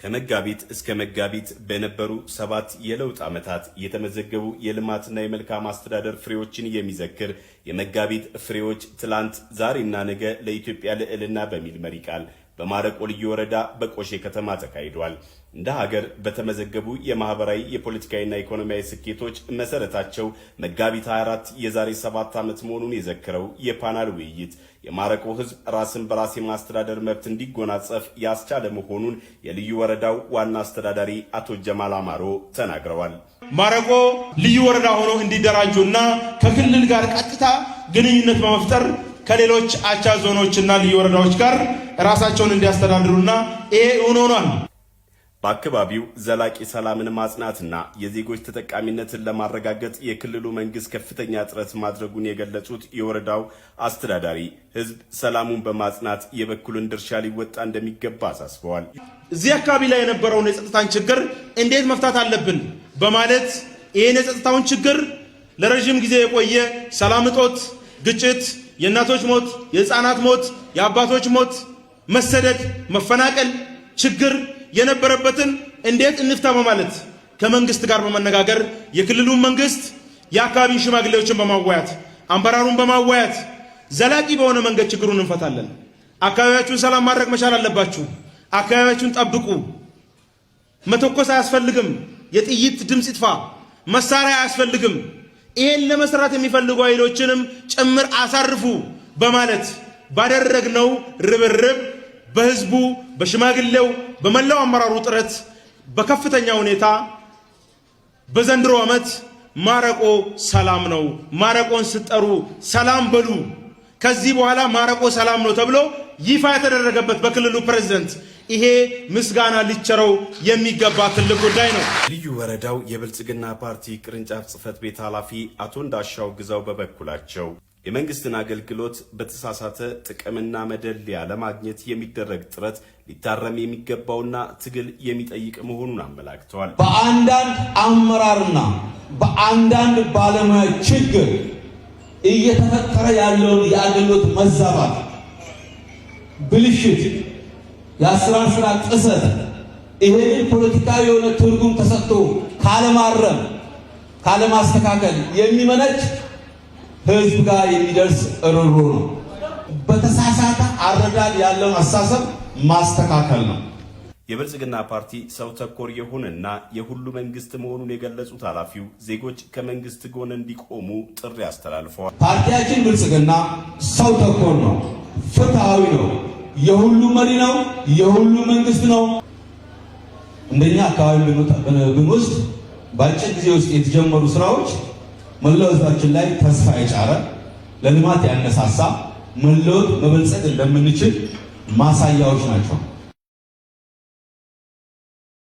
ከመጋቢት እስከ መጋቢት በነበሩ ሰባት የለውጥ ዓመታት የተመዘገቡ የልማትና የመልካም አስተዳደር ፍሬዎችን የሚዘክር የመጋቢት ፍሬዎች ትላንት ዛሬና ነገ ለኢትዮጵያ ልዕልና በሚል መሪ ቃል በማረቆ ልዩ ወረዳ በቆሼ ከተማ ተካሂዷል። እንደ ሀገር በተመዘገቡ የማህበራዊ የፖለቲካዊና ኢኮኖሚያዊ ስኬቶች መሰረታቸው መጋቢት 24 የዛሬ ሰባት ዓመት መሆኑን የዘክረው የፓናል ውይይት የማረቆ ህዝብ ራስን በራስ የማስተዳደር መብት እንዲጎናጸፍ ያስቻለ መሆኑን የልዩ ወረዳው ዋና አስተዳዳሪ አቶ ጀማል አማሮ ተናግረዋል። ማረቆ ልዩ ወረዳ ሆኖ እንዲደራጁ እና ከክልል ጋር ቀጥታ ግንኙነት በመፍጠር ከሌሎች አቻ ዞኖችና ልዩ ወረዳዎች ጋር ራሳቸውን እንዲያስተዳድሩና ይሄ እውን ሆኗል። በአካባቢው ዘላቂ ሰላምን ማጽናትና የዜጎች ተጠቃሚነትን ለማረጋገጥ የክልሉ መንግስት ከፍተኛ ጥረት ማድረጉን የገለጹት የወረዳው አስተዳዳሪ ህዝብ ሰላሙን በማጽናት የበኩሉን ድርሻ ሊወጣ እንደሚገባ አሳስበዋል። እዚህ አካባቢ ላይ የነበረውን የጸጥታን ችግር እንዴት መፍታት አለብን በማለት ይህን የጸጥታውን ችግር ለረዥም ጊዜ የቆየ ሰላም እጦት፣ ግጭት የእናቶች ሞት፣ የህፃናት ሞት፣ የአባቶች ሞት፣ መሰደድ፣ መፈናቀል፣ ችግር የነበረበትን እንዴት እንፍታ በማለት ከመንግስት ጋር በመነጋገር የክልሉን መንግስት የአካባቢን ሽማግሌዎችን በማዋያት አምባራሩን በማዋያት ዘላቂ በሆነ መንገድ ችግሩን እንፈታለን። አካባቢያችሁን ሰላም ማድረግ መቻል አለባችሁ። አካባቢያችሁን ጠብቁ። መተኮስ አያስፈልግም። የጥይት ድምፅ ይጥፋ። መሳሪያ አያስፈልግም። ይሄን ለመስራት የሚፈልጉ ኃይሎችንም ጭምር አሳርፉ በማለት ባደረግነው ርብርብ በህዝቡ፣ በሽማግሌው፣ በመላው አመራሩ ጥረት በከፍተኛ ሁኔታ በዘንድሮ ዓመት ማረቆ ሰላም ነው፣ ማረቆን ስጠሩ ሰላም በሉ፣ ከዚህ በኋላ ማረቆ ሰላም ነው ተብሎ ይፋ የተደረገበት በክልሉ ፕሬዚደንት ይሄ ምስጋና ሊቸረው የሚገባ ትልቅ ጉዳይ ነው። ልዩ ወረዳው የብልጽግና ፓርቲ ቅርንጫፍ ጽህፈት ቤት ኃላፊ አቶ እንዳሻው ግዛው በበኩላቸው የመንግስትን አገልግሎት በተሳሳተ ጥቅምና መደሊያ ለማግኘት የሚደረግ ጥረት ሊታረም የሚገባውና ትግል የሚጠይቅ መሆኑን አመላክተዋል። በአንዳንድ አመራርና በአንዳንድ ባለሙያ ችግር እየተፈጠረ ያለውን የአገልግሎት መዛባት፣ ብልሽት የአስራር ስራ ጥሰት ይህንን ፖለቲካዊ የሆነ ትርጉም ተሰጥቶ ካለማረም ካለማስተካከል የሚመነጭ ህዝብ ጋር የሚደርስ ርሮ ነው። በተሳሳተ አረዳድ ያለውን አሳሰብ ማስተካከል ነው። የብልጽግና ፓርቲ ሰው ተኮር የሆነና የሁሉ መንግስት መሆኑን የገለጹት ኃላፊው ዜጎች ከመንግስት ጎን እንዲቆሙ ጥሪ አስተላልፈዋል። ፓርቲያችን ብልጽግና ሰው ተኮር ነው፣ ፍትሐዊ ነው የሁሉ መሪ ነው፣ የሁሉ መንግስት ነው። እንደኛ አካባቢ ብንወስድ በአጭር ጊዜ ውስጥ የተጀመሩ ስራዎች መላው ህዝባችን ላይ ተስፋ የጫረ ለልማት ያነሳሳ መለወጥ መበልጸግ እንደምንችል ማሳያዎች ናቸው።